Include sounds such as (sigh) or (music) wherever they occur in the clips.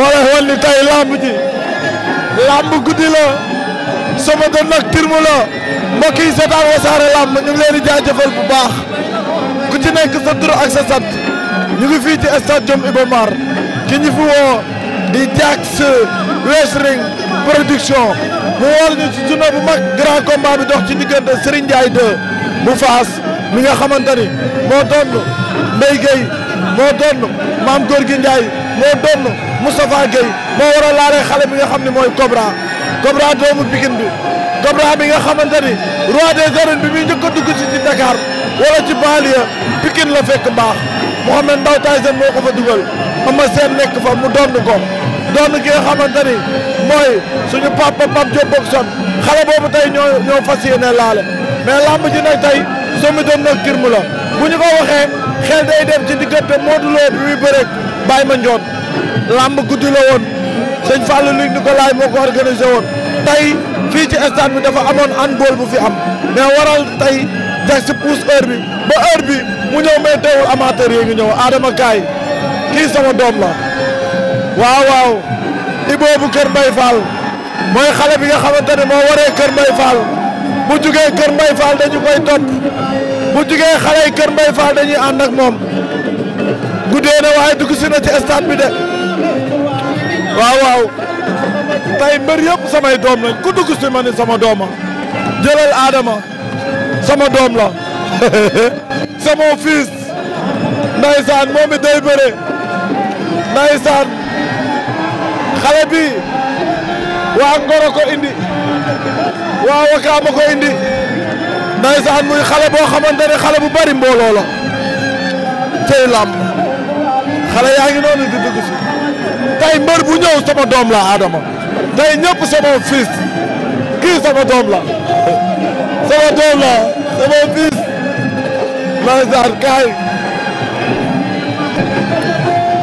moo lay wan ni tey lamb ji lamb guddi la sama doon nag tirmu la mbokk yi seetaan wasaare lamb ñu ngi leen di jaajëfal bu baax ku ci nekk sa tur ak sa sant ñu ngi fii ci stade Iba Mar ki ñu fi woo di Diaks Wrestling production mu war ñu ci journée bu mag grand combat bi dox ci diggante Serigne Ndiaye 2 bu Faas mi nga xamante ni moo doon Mbaye Gueye moo doon Maam Gorgui Ndiaye moo doon Moustapha Gueye moo war a laalee xale bi nga xam ne mooy Cobra Cobra doomu Pikine bi Cobra bi nga xamante ni roi des bi muy njëkk a dugg si ci Dakar wala ci banlieue Pikine la fekk mbaax Mouhamed Ndao Tyson moo ko fa dugal ama seen nekk fa mu doon ko doon ki nga xamante su mooy suñu papa Pape Diop Boxon xale boobu tey ñoo ñoo fas yéene laale mais lamb ji nag tey somi doon nag kirmu la bu ñu ko waxee xel day dem ci diggante Modou Lo bi Baye Mandione làmb guddi la woon sëñ Fallou Luc Nicolaï moo ko organisé woon tey fii ci stade bi dafa amoon handball bu fi am mais waral tey jag si pousse heure bi ba heure bi mu ñëw mais teewul amateur yi ngi ñëw Adama kii sama doom la waaw waaw Ibou bu Kër Mbaye Fall mooy xale bi nga xamante ne moo waree Kër Mbaye Fall bu jugee Kër Mbaye Fall dañu koy topp bu jugee xale Kër Mbaye Fall dañuy ànd ak moom guddee na waaye dugg si na ci stade bi de waaw waaw tey mbër yëpp samay doom lañ ku dugg ma ni sama dooma jëlal aadama sama doom la (laughs) sama fils ndaysaan moom it day bëre ndaysaan xale bi waa Ngoro ko indi waa Wakaama ko indi ndaysaan muy xale boo xamante ne xale bu bari mbooloo la tey làmb xale yaa ngi noonu di dugg si tey mbër bu ñëw sama doom la Adama tey ñëpp sama fils kii sama doom la sama doom la sama fils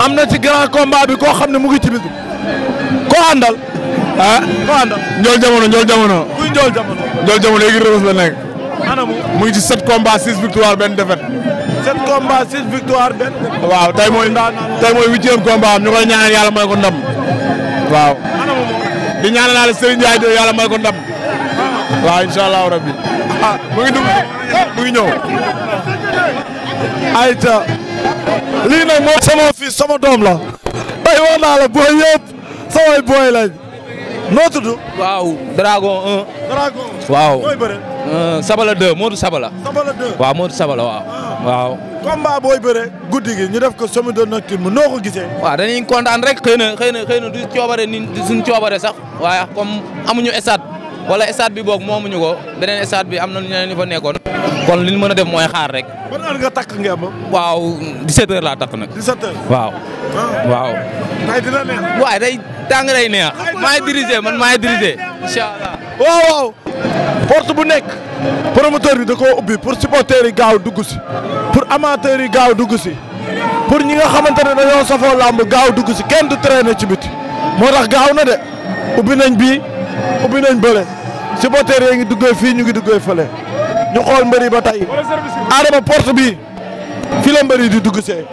am na ci grand combat bi koo xam ne mu ngi ci bis bi koo àndal ah njool jamono njool jamono kuy njool jamono la nekk mu ngi ci sept combat six victoire benn défaite sept combats six victoire benn. waaw tey mooy tey mooy huitième combat ñu koy ñaanal yàlla may ko ndam. waaal di ñaanal Serigne Ndiaye may ko waaw incha rabbi. ah mu ngi dugg mu ngi ñëw. ayta lii nag moo sama fils doom la. tey wax naa la booy yëpp samay booy lañ. noo tudd. waaw Dragon 1. Dragon waaw mooy bëre. Euh, Sabala 2 Modou Sabala. Sabala 2 waaw Modou Sabala waaw. Ah. waaw. combat booy bëre guddi gi ñu def ko doon de nocturne noo ko gise waa dañuy kontaan rek xëy na xëy na xëy na du coobare ni suñ coobare sax waaye comme amuñu stade wala stade bi boog moomuñu ko beneen stade bi am na ñu ne ñu fa nekkoon. kon li mën a dem mooy xaar rek. ban heure takk ngeem waaw 17h laa takk nag. 17h waaw. Ah. waaw. tey dina neex. waaye day tàng day neex. maay diriger man maay diriger. incha allah waaw waaw. porte bu nekk. promoteur bi da koo ubbi pour supporteurs yi gaaw dugg si. pour amateurs yi gaaw dugg si. pour ñi nga xamante ne dañoo safoo làmb gaaw dugg si kenn du traîner ci biti. moo tax gaaw na de. ubbi nañ bii ubbi nañ bële supporteurs yi ngi dugg fii ñu ngi duggee fële. ñu xool mbëri ba tey Adama porte bi fi la mbëri di dugg se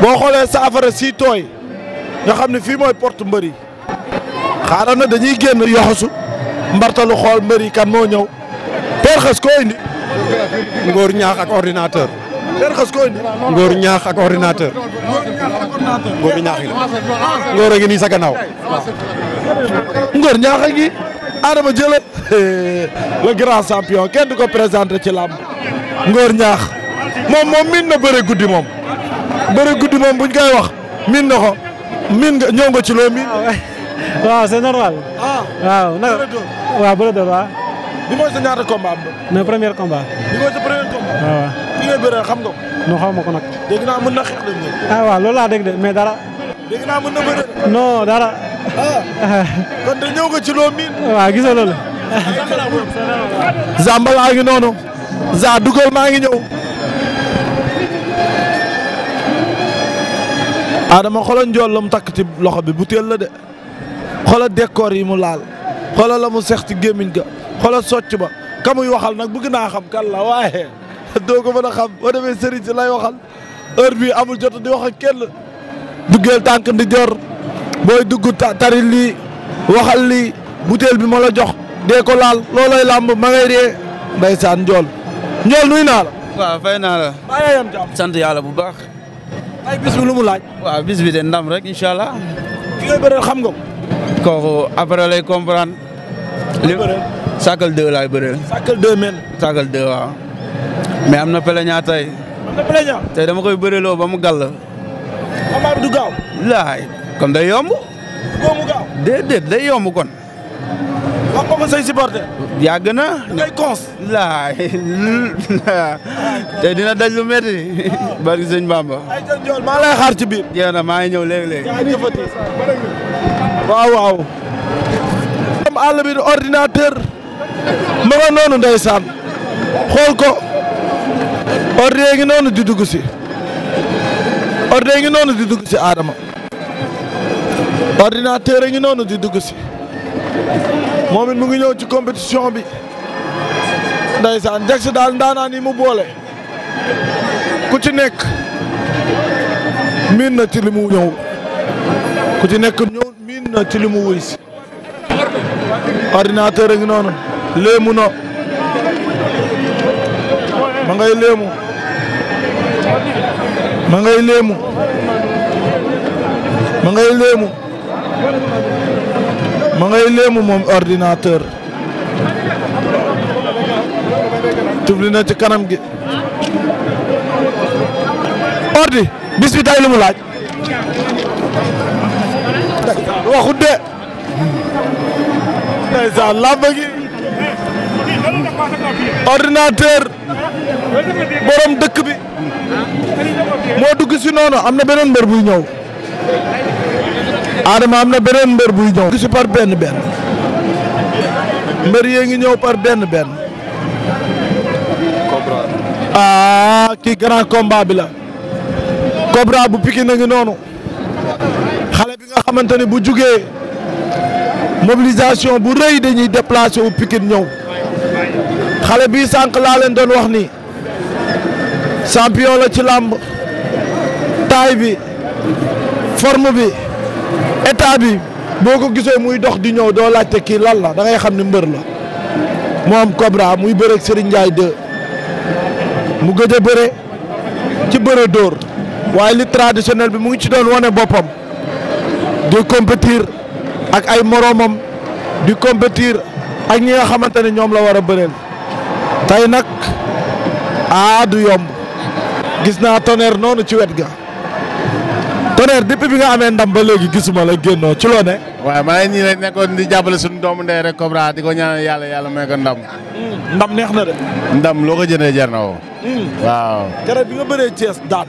boo xoolee saafara si tooy nga xam ne fii mooy porte mbëri xaaral na dañuy génn yoxosu mbartalu xool mbëri kan moo ñëw Père Xas koo indi ngóor ñaax ak ordinateur Père Xas koo indi ngóor ñaax ak ordinateur ngóor ñaax yi la ngóor a ngi nii ñaax a ngi Adama Jële (laughs) le grand champion kenn du ko présenté ci làmb Ngor Ñaax moom moom miin na bëre guddi moom bëre guddi moom buñ koy wax miin na ko miin nga ñëw nga ci loo ah, waaw c'est normal. waaw ah, nag waaw bëre door waaw. bi mooy sa na. na premier combat. bi mooy sa premier ah, xam nga ko. non ko nag. na xeex de. ah waaw loolu laa de mais dara. non dara. ah kon de ñëw nga ci loo miin. waaw gisal loolu. Zambal a ngi noonu. Za dugal maa ngi ñëw. Adama xoolal njool la mu takk ci loxo bi butéel la de xoolal décor yi mu laal xoolal la mu sex ci gémmiñ ga xoolal socc ba ka muy waxal nag bëgg naa xam kan waaye (laughs) doo ko mën a xam boo demee sëriñ si lay waxal bii amul jot di wax ak kenn duggeel tànk ndi jor booy dugg tari lii waxal lii butéel bi ma la jox dee ko laal loolay làmb ma ngay ree ndeysaan njool njool nuy naa la. waaw fay naa la. maa ngi yam sant yàlla bu baax. ay bis bi lu mu laaj. waaw bis bi de ndam rek incha allah. xam nga ko. kooku après lay comprendre. li sàkkal deux laay bëreel. sàkkal deux men. sàkkal mais am na peleñaa tey. am dama koy bëreeloo ba mu gàll. amaat kon day yomb. góob mu gaaw déedéet day yomb kon. wax ko say supporter. yàgg na. ngay cons. laay te dina daj lu métti. Ah. bari sëñ Bamba. ay jël jool maa lay xaar ci biir. jeex na maa ngi ñëw léegi léegi. waaw waaw. am àll bi ordinateur. ma nga noonu ndeysaan. xool ko. ordinateur ngi noonu di dugg si. ordinateur ngi noonu di dugg si Adama. ordinateur a ngi noonu di dugg ci moom it mu ngi ñëw ci compétition bi ndaysaan Jax daal ndaanaan yi mu boole ku ci nekk miin na ci li mu ñëw ku ci nekk ñëw miin na ci limu mu wuy si a ngi noonu léemu na ma ngay léemu ma ngay léemu ma ngay léemu ma ngay léemu moom ordinateur tubli ci kanam gi ordi bis lu mu laaj waxut de ndeysaan làmb gi ordinateur borom dëkk bi moo dugg si noonu am na beneen mbër bu ñëw Adama am na beneen mbër buy ñëw. gis par benn benn mbër yee ngi ñëw par benn benn. Cobra. ki ah, kii grand combat bi la. Cobra bu piki na ngi noonu. xale bi nga xamante ni bu jugee mobilisation bu rëy dañuy déplacé wu Pikine ñëw xale bii sànq laa leen doon wax ni champion la ci làmb taay bi forme bi. état bi boo ko gisee muy dox di ñëw doo laajte kii lan la dangay xam ne mbër la moom Cobra muy bëreeg Serigne Ndiaye 2 mu gëj a bëre ci bëre dóor waaye li traditionnel bi mu ngi ci doon wane boppam di compétir ak ay moroomam di compétir ak ñi nga xamante ne ñoom la war a bëreel tey nag aa ah, du yomb gis naa tonnerre noonu ci wet ga tonnerre depuis bi nga amee ndam ba léegi gisuma la génnoo ci loo ne. waaye maa ngi nii nekkoon di jàppale suñu doomu ndey rek Cobra di ko ñaanal yàlla yàlla may ko ndam. Hmm, ndam neex na de. ndam loo ko jëndee jar na woo. Hmm. waaw. keroog bi nga bëree Thiès daan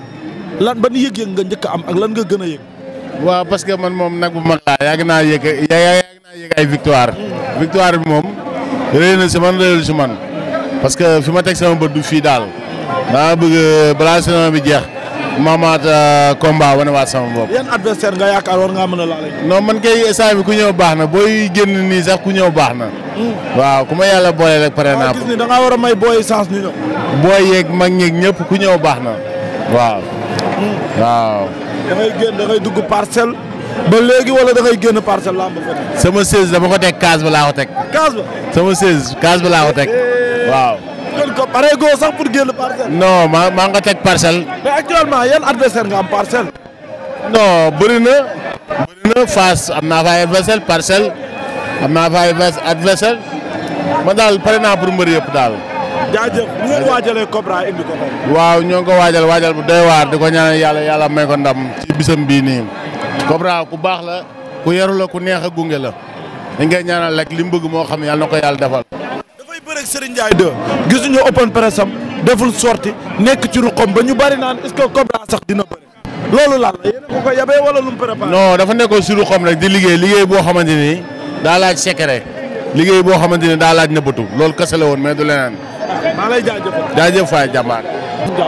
lan ban yëg-yëg nga njëkk am ak lan nga gën a yëg. waaw parce que man moom nag bu mag laa yàgg naa yëg yàgg yëg ay victoire. Hmm. victoire bi moom réy na si man réyul si man parce que fi ma teg sama bët du fii daal daa bëgg balaa bi jeex. maamaat euh, combat wane waat sama bopp. yan nga yaakaar war ngaa mën a laale. non man kay instant ku ñëw baax na booy génn nii sax ku ñëw baax na. Hmm. waaw ku ma yàlla boole rek pare naa. gis ni da war a may booy chance ñu ñëw. booy yeeg mag ñeeg ñëpp ku ñëw baax na. waaw. Hmm. waaw. da dugg parcelle. ba léegi wala da génn parcelle làmb sama 16 dama ko teg case ba laa ko teg. case ba. sama 16 case ba laa ko teg eh. waaw. kon ko sax pour génn parcelle. non maa maa nga teg parcelle. mais actuellement yan adversaire nga am parcelle. non bëri na. bëri na Fass am naa fa ay parcelle am naa fa ay adversaire ma daal pare naa pour mbër yëpp daal. jaajëf bu waaw ñoo ngi ko waajal waajal bu doy waar di ko ñaanal yàlla yàlla may ko ndam ci bisam bii nii. Cobra ku baax la ku yaru la ku neex a gunge la. dañ koy ñaanal lekk li mu moo xam yàlla na ko yàlla defal. bëreeg Serigne Ndiaye 2 gisuñu open press am deful sorti nekk ci ruqam ba ñu bari naan est-ce que sax dina bëri loolu lan la yéen dafa nekkoon si ruqam rek di liggéey liggéey boo xamante ni daa laaj secret liggéey boo xamante ni daa laaj nëbbatu loolu kese woon mais du leneen. maa lay jaajëfal jaajëf Faye jàmbaar.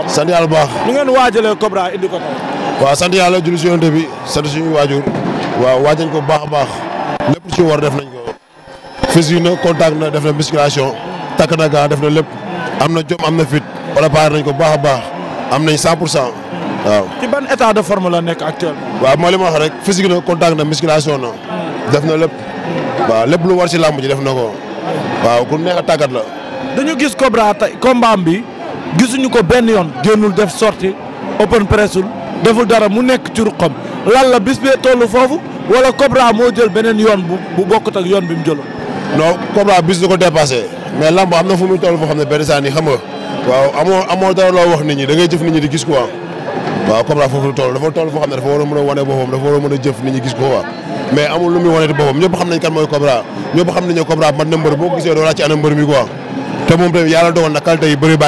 sant yàlla bu baax. ñu ngeen waajalee Cobra indi ko tey. waaw sant yàlla julli si bi sant suñu waajur. waaw waaj nañ ko bu baax a baax. lépp ci war def nañ ko. physique na contact na def na musculation. takk na gaa def na lépp am na jom am na fit préparé nañ ko baax a baax am nañ 100 pour cent waaw. ci ban état de forme la nekk actuellement. waaw mooy li ma wax rek physique na contact na musculation na def na lépp waaw lépp lu war ci làmb ji def na ko waaw ku neex a tàggat la. dañu gis Cobra tey combat bi gisuñu ko benn yoon génnul def sorti open pressul deful dara mu nekk ci ruqam lan la bis bee toll foofu wala Cobra moo jël beneen yoon bu bu bokkut ak yoon bi mu jëloon. non Cobra bis du ko dépassé. mais lamb am na fu muy toll foo xam ne benn saa nii xam waaw amoo dara loo wax nit ñi da jëf nit ñi di gis quoi waaw comme foofu la toll dafa toll foo xam ne dafa war a a wane boppam dafa war a mën mbër boo ko gisee doo laaj ci ana mbër mi quoi te moom tamit yàlla dogal na qualité yi bëri fa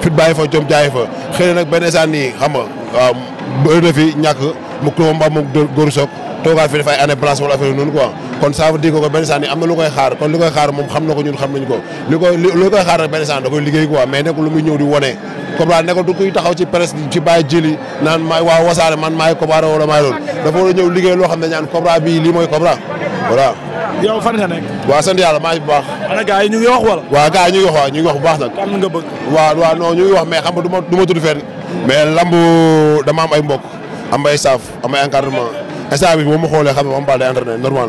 fit bàyyi fa jom jaay fa xëy na nag benn saa nii xam nga waaw bëri fi ñàkk mu toogaat fi def ay année blanche wala affaire noonu quoi kon ça veut dire que Benny Sane am na lu koy xaar kon lu koy xaar moom xam na ko ñun xam nañ ko lu koy xaar rek Benny Sane da liggéey quoi waa wasaare a ñëw nekk. waaw ma du ma tudd fenn. mais lamb dama am ay mbokk am ay staff am ay instant bi boo ma xoolee xam ne Ama Baldé day entraîné normal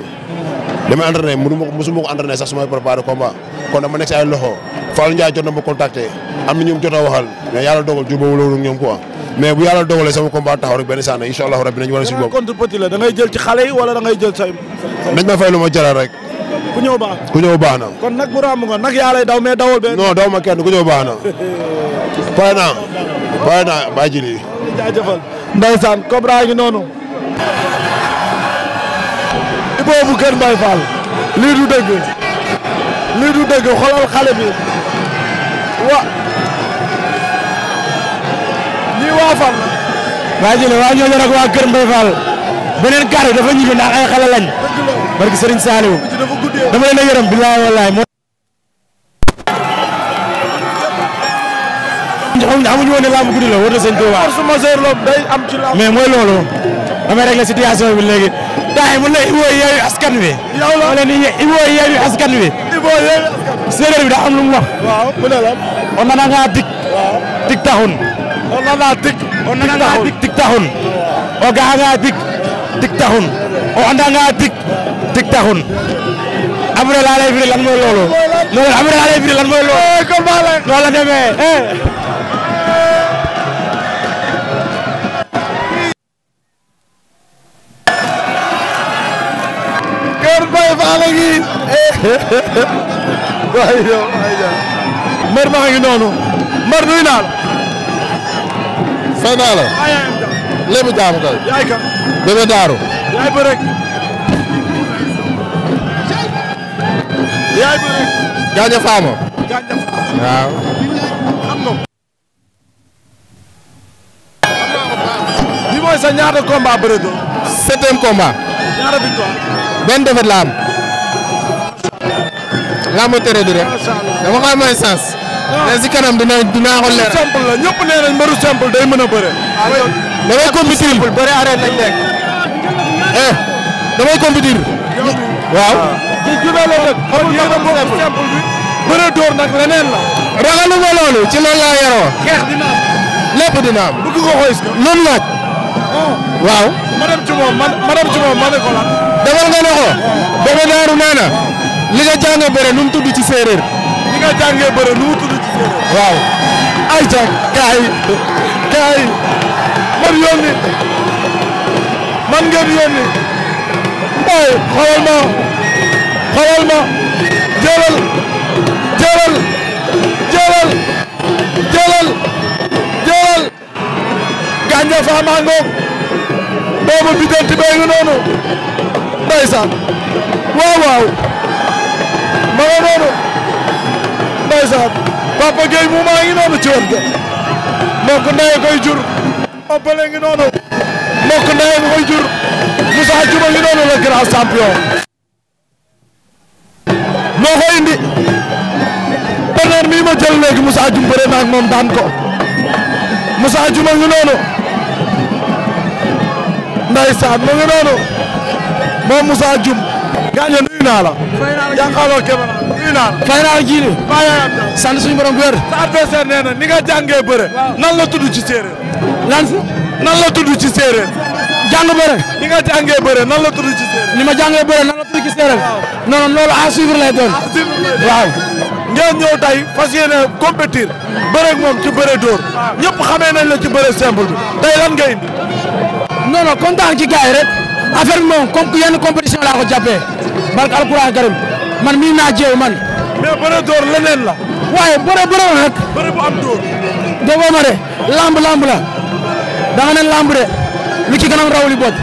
li may entraîné mënu ma ko mësu ma ko entraîné sax su may préparé combat kon dama nekk si ay loxo Fallou Ndiaye jot na ma contacté am na ñoom jot a waxal mais yàlla dogal jubóowul woon ñoom quoi mais bu yàlla dogalee sama combat taxaw rek benn sànn incha allah rabbi nañu war a suñu bopp contre da ngay jël ci xale yi wala da ngay jël say nañ ma fay lu ma jaral rek ku ñëw baax na ku ñëw baax na kon nag bu ràmm nga nag yaa lay daw mais dawal na (laughs) boobu Kër Mbaye Fall lii du dëgg lii du dëgg xoolal xale bi wa ñii waa fan waa waa ñooñu nag waa Kër Mbaye Fall beneen kàddu dafa ñibbi ndax ay xale lañ barki Serigne Saliou dama leen a yërëm billaay wallaay moo amuñu woon ne làmb guddi la na sëñ Tuubaa mais mooy loolu damay régler situation bi léegi Ibrahima mun na Ibou yeewi askan wi. yow la ma leen di Ibou yeewi askan wi. Ibou yeewi askan wi. séeréer bi daa am lu mu wax. waaw mu ne la. on nana ngaa dig. waaw taxun. on nana dig. on taxun. o ga'a ngaa dig dig taxun. o anda ngaa dig dig taxun. après laa lay firi lan mooy loolu. loolu après laa lay firi lan mooy loolu. Eh, waaye yow waaye mbër maa ngi noonu. mbër nuyu naa la. fay naa jaamu kay. yaay daaru. yaay ba faama. waaw. xam mooy sa ñaata combat bëreetoo. septième combat. ñaata victoire. benn laa ma tere du rek dama koy may sens. Ah. mais si kanam dina dinaa ko leer. simple la ñëpp nee nañ a bëre. Ah, damay compétir simple bëre arène lañ nekk. Eh, damay compétir. waaw. Ah. a door nag leneen la. ragaluma loolu ci loolu laa yaroo. lépp dina am. bëgg oh. waaw. ma dem ci moom oh. daaru nee li nga jàngee bëre nu mu tudd ci séeréer. li nga jàngee bëre lu mu tudd ci séeréer. waaw. ayca kaay kaay man yónni man ngeen yónni mbay xoolal ma xoolal ma jëlal jëlal jëlal jëlal jëlal gàncax fa maa ngoog doomu bidanti bee ngi noonu ndeysaan waaw waaw ma nga noonu ndeysaan Papa Gueye mu maa ngi noonu ci wet ga mbokk ndey koy jur ëppale ngi noonu mbokk ndey koy jur Moussa Diouma ngi noonu la grand champion moo indi partenaire mi ma jël léegi Moussa Diouma bëre naa ak ko Moussa Diouma ngi noonu ndeysaan mu ngi noonu moom Moussa Diouma gaañoo nuyu naa la. jàkkaarloo Kébara nuyu naa la. naa la jiili. sant suñu borom wér. sa adversaire nee na ni nga jàngee bëre. nan la tudd ci séeréer. lan si. nan la ci séeréer. jàng bëre. ni nga jàngee bëre nan la tudd ci séeréer. ni ma jàngee bëre nan la tudd ci séeréer. non non a à suivre lay waaw. ngeen ñëw tey fas yéene compétir bëre moom ci bëre dóor ñëpp xamee nañ ci bëre simple bi tey lan nga indi. non non ci gars rek affaire moom comme yenn compétition laa ko jàppee. barke alquran karim man mii naa jéew man. mais bëre door leneen la. waaye bëre bëre la nag. bëre bu ma de lamb lamb la da nga ne lamb de lu ci kanam raw li boj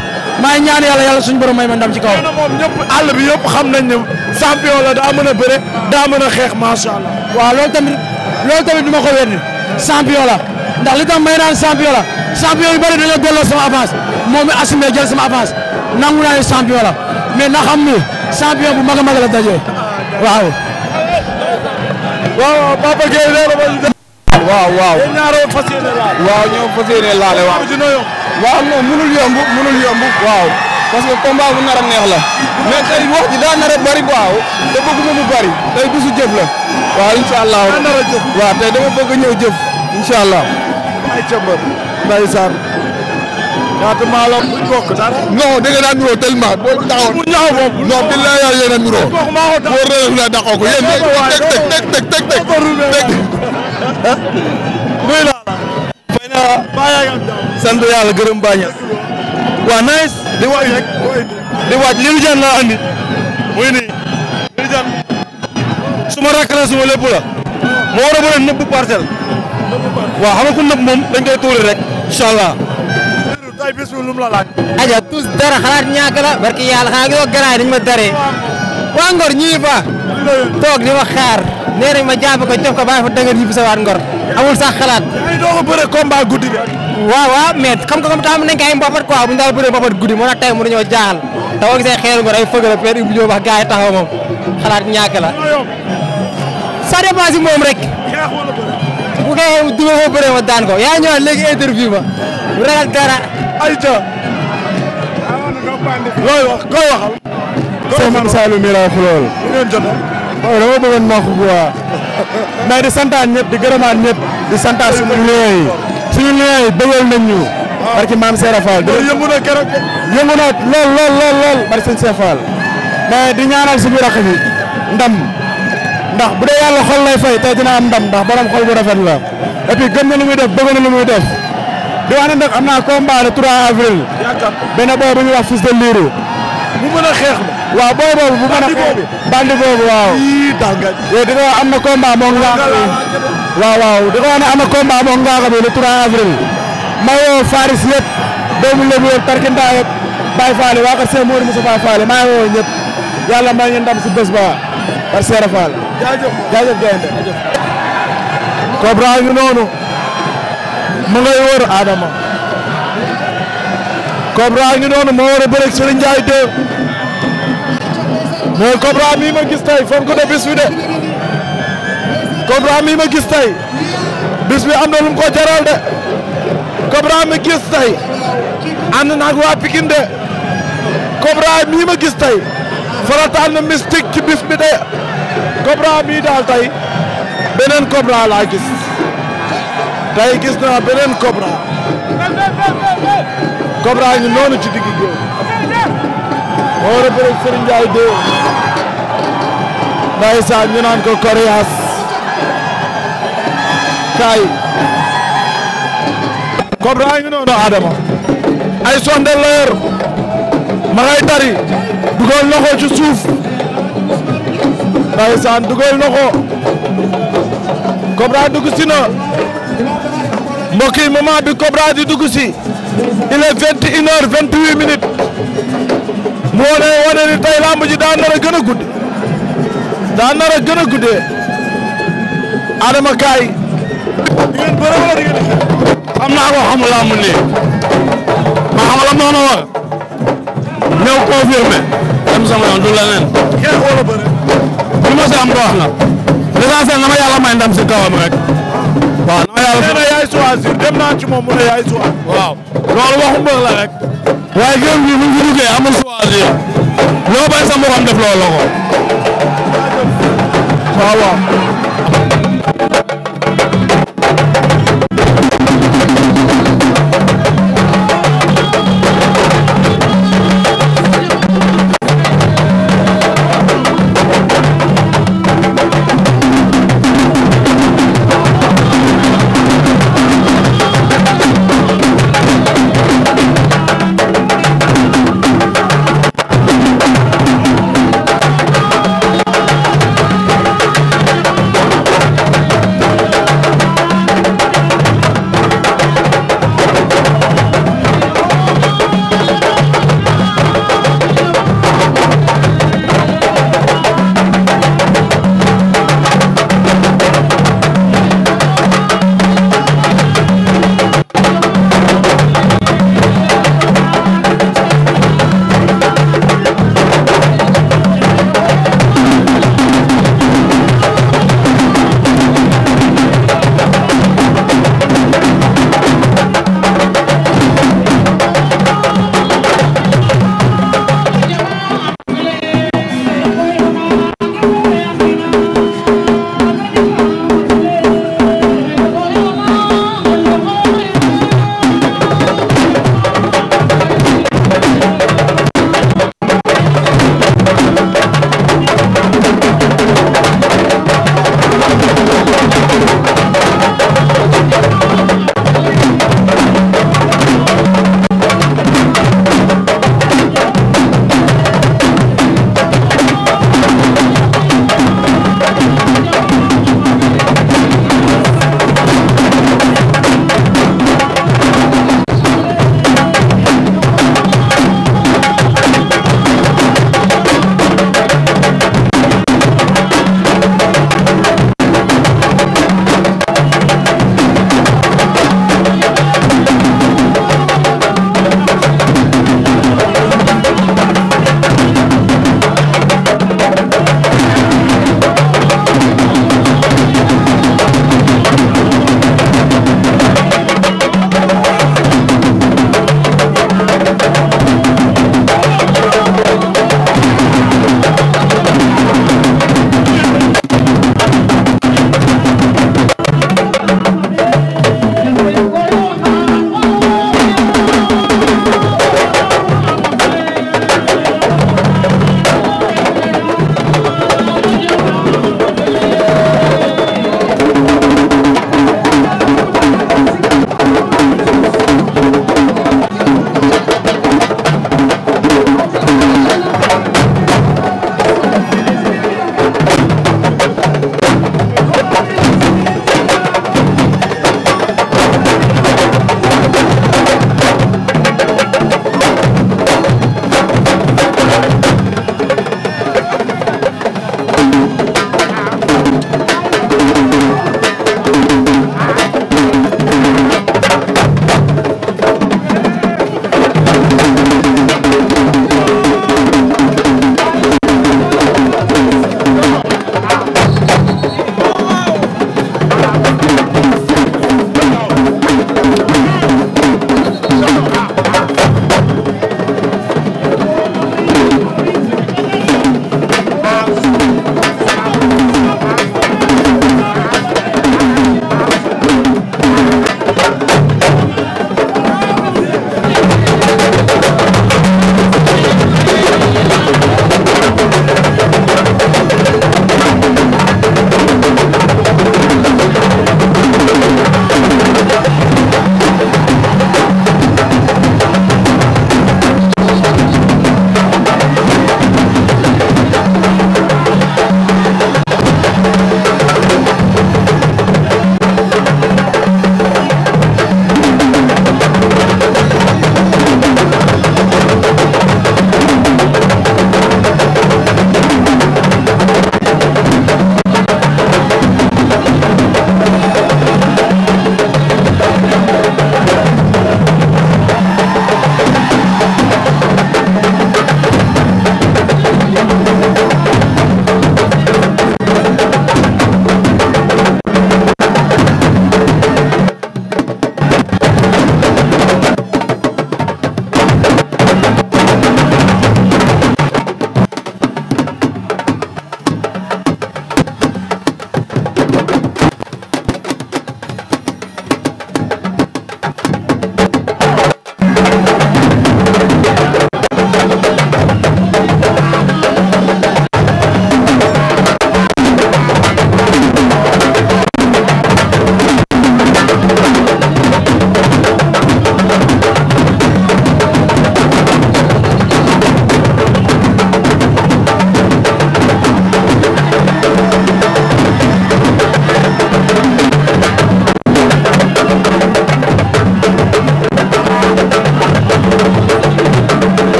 maa ngi ñaan yàlla yàlla suñ borom may ma ndam ci kaw. nee na moom ñëpp àll bi yëpp xam nañ ne champion la daa mën a bëre daa a xeex macha allah. waaw loolu du ma ko weddi la ndax li tax may naan champion la champion bëri dañoo delloo sama avance moom mi assumé jël sama avance nangu naa ne la mais na xam ni. champion bu mag a mag la daje waaw. waaw Papa Gueye loolu mooy. waaw waaw yéen ñaareel laale. waaw waaw. waaw non mënul yomb waaw parce que combat neex la. mais tey wax ji daa nar a bëri waaw. te bëgguma mu bëri. tey bisu jëf la. waaw incha allah waaw tey dama bëgg ñëw jëf. incha allah. ay cëmbar ndeysaan ñaata maalaam buñ bokk dara. non da nga daan nuroo tellement boo taxawoon. mu ñaaw boobu non bi na la dàqoo ko yéen waa nice. di waaj rek. di waaj li laa andi. suma rakk la suma moo war a mën a nëbb parcelle. waaw ku nëbb moom dañ koy tuuri rek. incha tey bis bi lu mu la laaj. aja tous dara xalaat ñàkk la barki yàlla xanaa gi wax garaay dañu ma daree. waa Ngor ñii fa. toog di ma xaar. nee nañ ma jàpp ko jox ko bàyyi fa dëgër yi bisawaat Ngor. amul sax xalaat. ay doo ko bëre combat guddi bi. waaw waaw mais xam nga comme tam nañ ko ay mbapat quoi bu ñu daal bëree mbapat guddi moo tax tey mënu ñoo jaaxal. te boo gisee xeeru Ngor ay fëgg la père Ibou Diop wax gars yi taxaw moom xalaat ñàkk la. ça ma ko bëree dara ayca. looy wax koy waxal. Serigne Saliou Miracle lool. bu ngeen jotee. waaw dama bu baax. mais di santaan ñëpp di gërëmaat ñëpp. di santaan suñu liggéey yi. suñu liggéey yi bëggoon nañ ñu. waaw maam Serra Fall. loolu yëngu lool lool lool lool. barki sëñ mais di ñaanal suñu rakk bi ndam. ndax bu dee yàlla xol lay fay tey dina am ndam ndax borom xol bu rafet la. et puis gëm na lu muy def bëgg na lu muy def. di wax ne nag am naa combat le avril. benn boobu bu ñuy wax fils de Lirou. bu mën a xeex waaw a xeex bandi boobu waaw. yii tàngaay. di ko wax am na combat moom ngaa avril. ma woo Faris yëpp. doomu Lebu yëpp Tarkinda yëpp. Baye waa Kër Seydou Mourou Moussa Baye Fallé maa ngi woo ñëpp. yàlla may ñu ndam si noonu. mu ngay wër Adama Cobra ngi noonu moo war a bëreeg Serigne Ndiaye 2 mais mii ma gis tey fonk na bis bi de Cobra mii ma gis tey bis bi am na mu ko jaral de Cobra mi gis tey ànd naag waa Pikine de Cobra mii ma gis tey farataan na mystique ci bis bi de Cobra mii daal tey beneen Cobra laa gis. tey gis naa beneen Cobra Cobra ñu noonu ci digg góor moo rëbërëg Serigne Ndiaye de ndeysaan ñu naan ko Coriace kaay Cobra ñu noonu Adama ay sonde leer ma ngay tari dugal loxo ci suuf ndeysaan dugal loxo Cobra dugg si mbokk yi moment bi Cobra di dugg si il est vingt et une heures vingt huit minutes mu wane wane ni gën a gudd daa nar gën a guddee Adama Kaay. ngeen bëre wala di ngeen. xam naa ko xamul la moo ma war ñëw confirmé dem sama yoon du leneen. xeex wala bëre. li ma si am nga wax na na ma yàlla may ndam si kawam rek. nee na yaay choisir dem naa ci moom mu ne yaay choisir. waaw loolu waxu mbër la rek. waaye gëm bi bu ñu ko duggee amul choisir. loo bay sa mbokk am def loolu la ko. waaw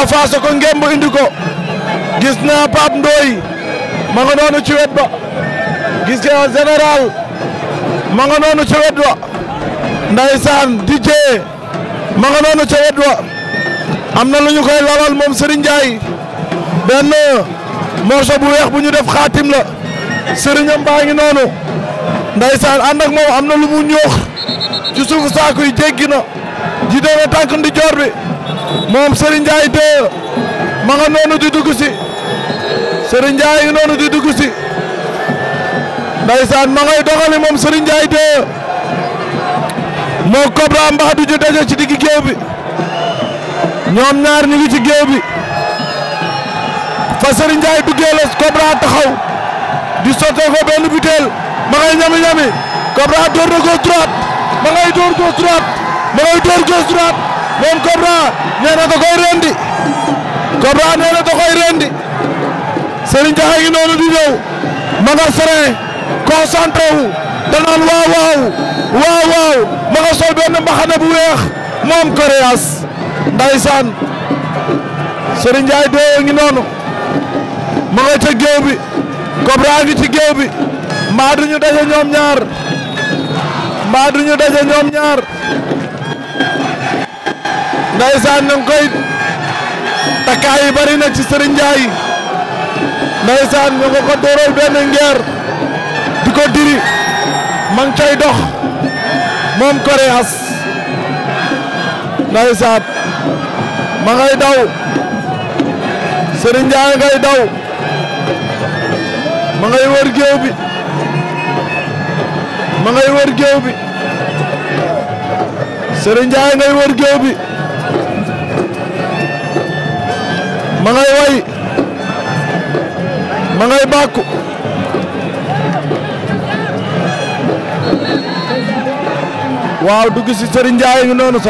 Ada Fass ko ngemb ko gis naa Pape Ndoye ma nga noonu ci wet ba gis nga général ma nga noonu ci wet ba ndeysaan DJ ma nga noonu ci wet ba am na lu ñu koy moom Serigne Ndiaye benn morceau bu weex bu ñu def xaatim la Serigne am baa ngi noonu ndeysaan ànd ak moom am na lu mu ñoox ci suufu saako yi jéggi na ji doon tànk ndi joor bi. moom Serigne Ndiaye 2 ma nga noonu di dugg si Serigne Ndiaye ngi noonu di dugg si ma ngay doxali moom Serigne Ndiaye 2 moo Cobra Mbaxadu ju daje ci digg géew bi ñoom ñaar ñu ngi ci géew bi fa Serigne Ndiaye duggee la Cobra di sottee ko benn butéel ma ngay ñami ñami Cobra door na gauche ma ngay door gauche ma ngay door gauche moom Cobra nee na da koy rendi Cobra nee na da koy rendi Serigne Diakha ngi noonu di ñëw danaan waaw waaw waaw waaw ma nga sol benn bu weex moom Koreas ndaysaan Serigne Ndiaye doo ngi noonu ma nga bi Cobra ngi ci géew bi mbaa duñu daje ñoom ñaar mbaa duñu daje ñoom ñaar ndeysaan ñu ngi koy takkaay bari na ci Serigne Ndiaye ndeysaan ñu ngi ko dóoral benn ngeer di ko diri ma cay dox moom Koreas ndeysaan ma ngay daw Serigne ngay daw ma ngay wër bi ma ngay wër géew bi Serigne Ndiaye ngay wër bi ma ngay way ma ngay bàkku waaw dugg si Serigne ngi noonu sama